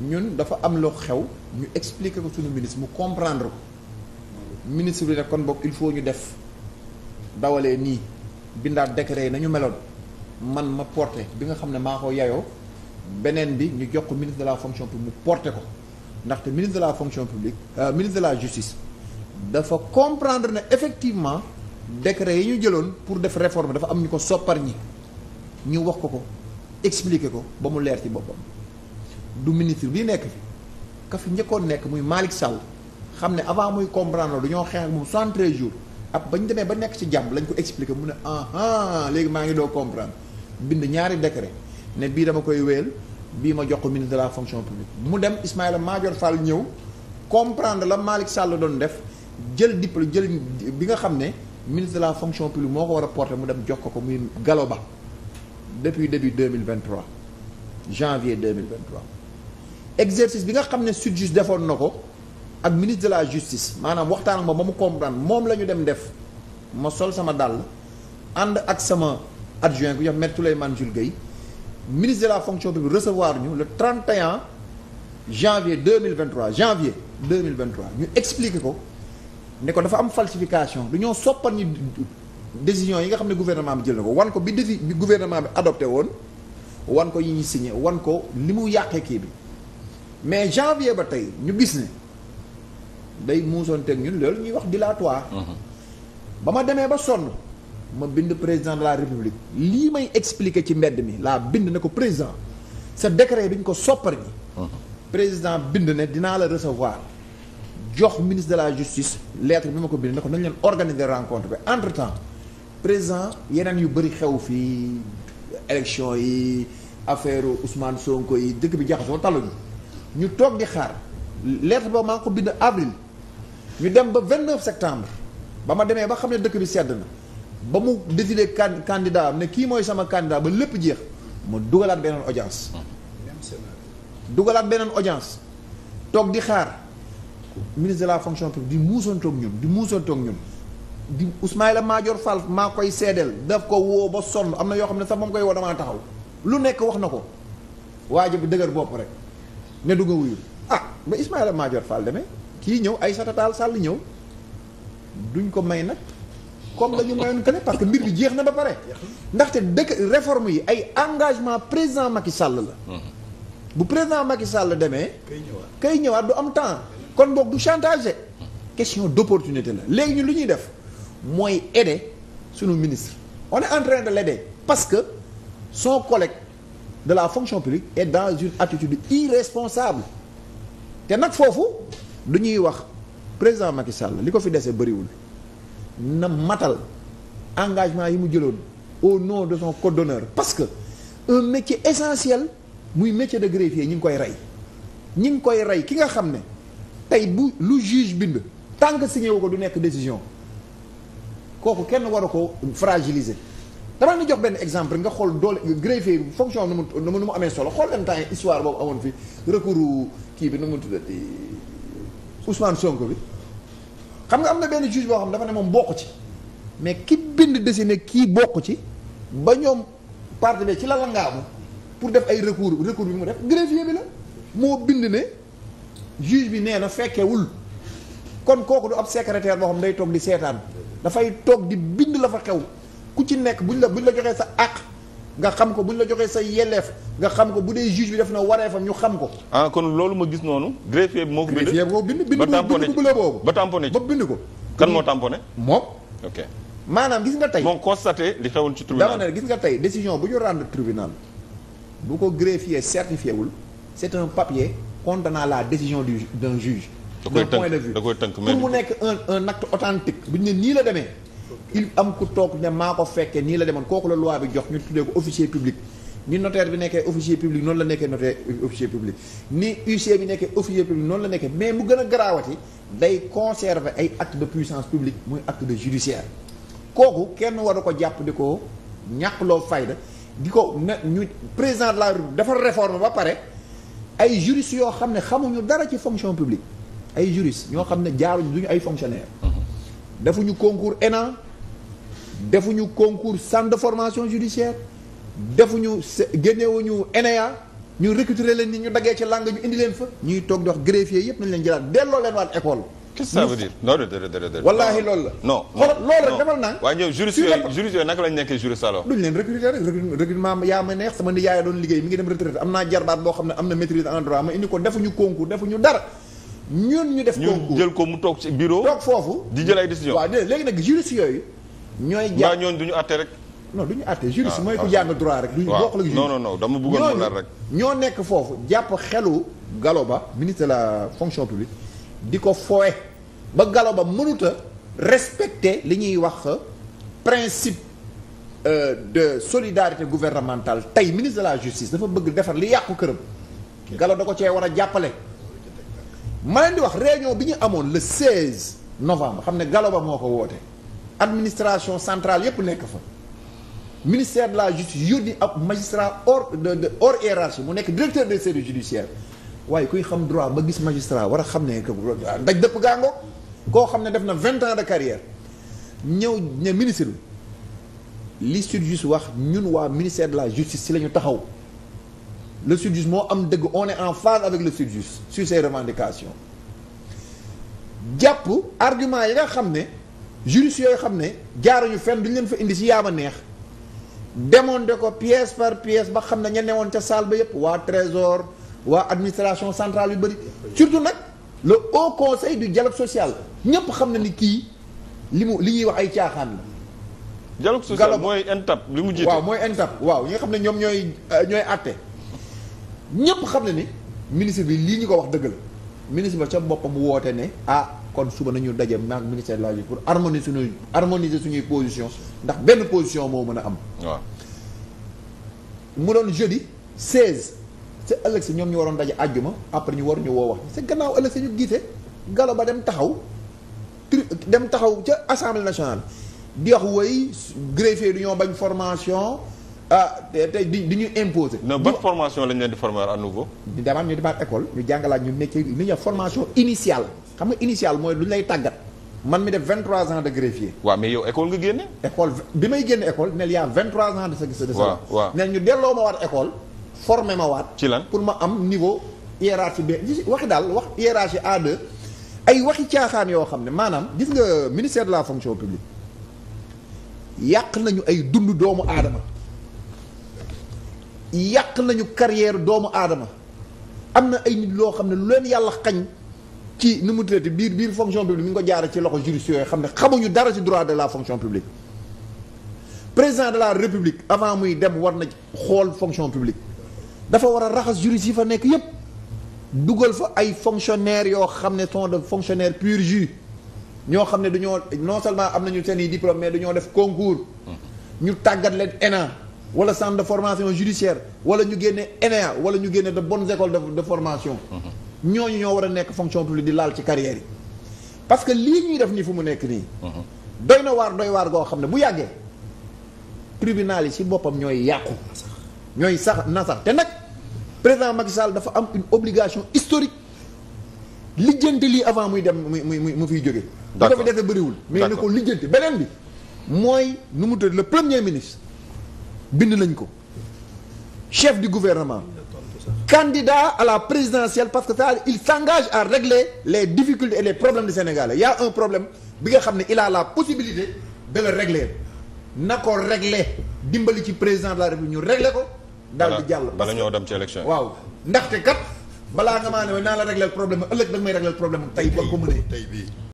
ñun dafa am loo xew ñu expliquer ko suñu ministre mu comprendre ko ministre bi nag kon book il faut ñu def dawalee nii bindaat décret yi nañu meloon man ma porté bi nga xam ne maa ko yayoo beneen bi ñu jox ko ministre de la fonction publique mu porté ko ndaxte ministre de la fonction publique euh, ministre la justice dafa comprendre ne effectivement décret yi ñu jëloon pour def réforme dafa am ñu ko soppar ñi ñu wax ko ko expliquer ko ba mu leer ci boppam du ministre bii nekk fi njëkkoon nekk muy Malick Sall xam ne avant muy comprendre dañoo xeex ak moom 73 jours ab ba ñu demee ba nekk ci jàmm lañ ko expliquer mu ne ah léegi maa ngi doo comprendre bind ñaari décret ne bii dama koy wéyal bii ma jox ko ministre de la fonction publique mu dem Ismaïla Madior Fall ñëw comprendre la Malick Sall doon def jël diplôme jël bi nga xam ne ministre la fonction publique moo ko war a porter mu dem jox ko ko muy Galoba depuis début 2023 janvier 2023 exercice bi nga xam ne sud juge defoon na ko ak ministre de la justice maanaam waxtaan ak ma ba mu comprendre moom la ñu dem def ma sol sama dàll ànd ak sama adjoint bu ñu wax maître Souleymane Jules Guèye ministre de la fonction publique recevoir ñu le 31 janvier 2023 janvier 2023 ñu expliquer ko ne ko dafa am falsification dañoo soppal ñu décision yi nga xam ne gouvernement bi jël na ko wan ko bi défi bi gouvernement bi adopté woon wan ko yi ñu signé wan ko li mu yàqee kii bi mais janvier ba tey ñu gis ne day muusoonteeg ñun loolu ñuy wax dilatoire. Mhm. ba ma demee ba sonn ma bind président de la république lii may expliquer ci mbedd mi laa bind na ko président sa décret bi ñu ko soppar ñi mhm. président bind ne dinaa la recevoir jox ministre de la justice lettre bi ma ko bind ne ko nañ leen organiser rencontre bi entre temps président yeneen yu bëri xew fii élection yi affaire Ousmane Sonko yi dëkk bi jaxasoo taluñu ñu toog di xaar lettre ba maa ngi ko bind avril ñu dem ba 29 septembre ba ma demee ba xam ne dëkk bi sedd na ba mu décidé can candidat am ne kii mooy sama candidat ba lépp jeex ma dugalaat beneen audience. dugalaat beneen audience toog di xaar ministre la fonction publique di muusoontoog toog di muusoontoog ñun. di Ismaïla Madior Fall maa koy seedeel daf ko woo ba sonn am na yoo xam ne sax moom koy woo maa taxaw lu nekk wax na ko waa bi dëgër bopp rek. ne du nga wuyu ah ba Ismaïla Madior Fall demee kii ñëw Aïssata Tall Sall ñëw duñ ko may nag comme la ñu mayoon que parce que mbir bi jeex na ba pare ndaxte dëkk réforme yi ay engagement président Macky Sall la bu président Macky Sall demee kay ñëwaat du am temps kon boog du chantage question d'opportunité la léegi ñu lu ñuy def mooy aider sunu ministre one est en train de l'aider parce que son collègue de la fonction publique est dans une attitude irresponsable te nag foofu du ñuy wax président Macky Sall li ko fi dese bëriwul na matal engagement yi mu jëloon au nom de son code d'honneur parce que un métier essentiel muy métier de greffier ñu ngi koy rey ñu ngi koy rey ki nga xam ne tey bu lu juge bind tant que signé wu ko du nekk décision kooku kenn waru ko fragiliser dama leen jox benn exemple nga xool doole greffier fonction nu mu nu mu amee solo xool leen temps histoire boobu amoon fi recours kii bi nu mu tuddati Ousmane Sonko bi xam nga am na benn juge boo xam dafa ne moom bokk ci mais ki bind dessiné kii bokk ci ba ñoom parti bi ci la la ngaamu pour def ay recours recours bi mu def greffier bi la moo bind ne juge bi nee na fekkewul kon kooku du ab secrétaire boo xam day toog di seetaan dafay toog di bind la fa xew ku ci nekk buñ la buñ la joxee sa àq nga xam ko buñ la joxee sa yelleef nga xam ko bu dee juge bi def na wareefam ñu xam ko. ah kon loolu ma gis noonu. greffier bi moo ko bind greffier bi moo ko bind bind bu bu la boobu ba moo tamponné. moom gis nga tey moom constaté li xewoon ci tribunal dama ne gis nga tey décision bu ñu rendre tribunal bu ko greffier certifié wul c'est un papier contenant la décision du d'un juge. da koy tënk da koy tënk mais pour mu nekk un un authentique bu ñu ne nii la demee. il am ku toog ne maa ko fekkee nii la demoon kooku la loi bi jox ñu tuddee ko officier public ni notaire bi nekkee officier public noonu la nekkee notaire officier public ni huissier bi nekkee officier public noonu la nekkee mais mu gën a garaawati day conserver ay acte de puissance publique muy acte de judiciaire kooku kenn waru ko jàpp di ko ñàkkloo fayda di ko na ñu président de la République dafa réforme ba pare ay juristes yoo xam ne xamuñu dara ci fonction publique ay juristes ñoo xam ne jaaruñu duñu ay fonctionnaires defuñu concours ENA defuñu concours centre de formation judiciaire defuñu génnewuñu ENEA ñu recruter leen ni ñu daggee ci langue ñu indi leen fa ñuy toog di wax greffier yëpp nañ leen jëlaat delloo leen waat école quest la non xoolal loolu rek demal naa waaye naka lañ nekkee juriste alors leen recruter rek yaa ma neex sama ni yaaya doon liggéey mi ngi dem retraite am naa jarbaat boo xam ne am na maîtrise en droit ma indi ko defuñu concours defuñu dara ñun ñu def concours jël ko mu toog ci bureau. toog foofu di jël ay décision waaw léegi nag juriste yooyu. ñooy jàng ñooñu du ñu àtte rek. non du ñu àtte juriste ah, mooy ko ah, jàng droit rek. du ñu bokkul ak juriste non non non ñoo nekk foofu jàpp xelu Galoba ministre de la fonction publique di ko fooye ba Galoba mënut a respecter li ñuy wax principe euh, de solidarité gouvernementale tey ministre de la justice dafa bëgg defar li yàqu këram. galo da ko cee war a jàppale. ma leen di wax réunion bi ñu amoon le 16 novembre xam ne Galoba moo ko woote administration centrale yëpp nekk fa ministère de la justice yónni ab magistrat hors de de hors hiérarchie mu nekk directeur des services judiciaires waaye kuy xam droit ba gis magistrat war a xam ne que daj dëpp gàngo koo xam ne def na vingt ans de carrière ñëw ne ministre li sud wax ñun waa ministère de la justice ci la ñu taxaw. le SYTJUST moo am dëgg on en phase avec le SYTJUST sur ses revendications jàpp argument yi nga xam ne juristes yooyu xam ne jaaruñu fenn duñ leen fa indi si ma neex démonter ko pièce par pièce ba xam ne ña woon ca salle ba yëpp waa trésor waa administration centrale yu bëri surtout nag le haut conseil du dialogue social ñëpp xam na ni kii li mu li ñuy wax ay caaxaan la. dialogue social mooy NTAP li mu jiite waaw mooy NTAP waaw yi nga xam ne ñoom ñooy euh, ñooy àtte. ñëpp xam ne ni ministre bi lii ñu ko wax dëgg la ministre ba ca boppam woote ne ah kon suba nañu daje maag ministère de la pour pour harmoniser suñuy harmoniser suñuy position ndax benn position moo mën a am. waaw mu doon jeudi 16. te ëllëg si ñoom ñu waroon daje àjjuma après ñu war ñu woo wax si gannaaw ëllëg si ñu gisee galo ba dem taxaw tri dem taxaw ca assemblée nationale di wax woy greffier du ñoo bañ formation. ah tey di di ñu imposer. non ban formation lañ leen di former à nouveau. di demaat ñu demaat école ñu jàngalaat ñu métier li ñuy formation initiale xam nga initiale mooy lu ñu lay tàggat. man mi def 23 ans de greffier. waaw mais yow école nga génne. école bi may génn école ne il y a ans de sa gis. waaw waaw ne ñu delloo ma waat école. formé ma waat. ci lan pour ma am niveau. hiérarchie bi waxi daal wax hiérarchie A2 ay waxi caaxaan yoo xam ne maanaam gis nga ministère de la fonction publique yàq nañu ay dund doomu aadama. yàq nañu carrière doomu aadama am na ay nit loo xam ne lu leen yàlla xañ ci nu mu traité biir biir fonction publique mi ngi ko jaare ci loxo juriste yooyu xam ne xamuñu dara ci droit de la fonction publique président de la république avant muy dem war na xool fonction publique dafa war a raxas juriste yi fa nekk yépp dugal fa ay fonctionnaires yoo xam ne sont de fonctionnaires pur jus ñoo xam ne dañoo non seulement am nañu seen i diplôme mais dañoo def concours ñu tàggat leen ENA wala centre de formation judiciaire wala ñu génne ENEA wala ñu génne de bonnes écoles de de formation. Mhm. ñooñu ñoo war a nekk fonction publique di laal ci carrière yi. parce que lii ñuy def nii fu mu nekk nii. Mhm. doy na waar doy waar goo xam ne bu yàggee. tribunal yi si boppam ñooy yàqu. ñooy sax na sax te nag président Macky Sall dafa am une obligation historique lijjanti lii avant muy dem muy muy muy mu fiy jóge. d'accord bu ko fi bëriwul. mais ni ko lijjanti beneen bi. mooy mu tudd le premier ministre. bind nañ ko chef du gouvernement candidat à la présidentielle parce que ça il s'engage à régler les difficultés les problèmes du Sénégal il y a un problème bi nga xam ne il a la possibilité de le régler na ko régler dimbali ci président de la République ñu régler ko daal di jàll bala ñoo dem ci élection waaw ndaxte kat balaa nga maa ne naa la régler problème ëllëg da nga may régler problème tey boo ko mënee tey bii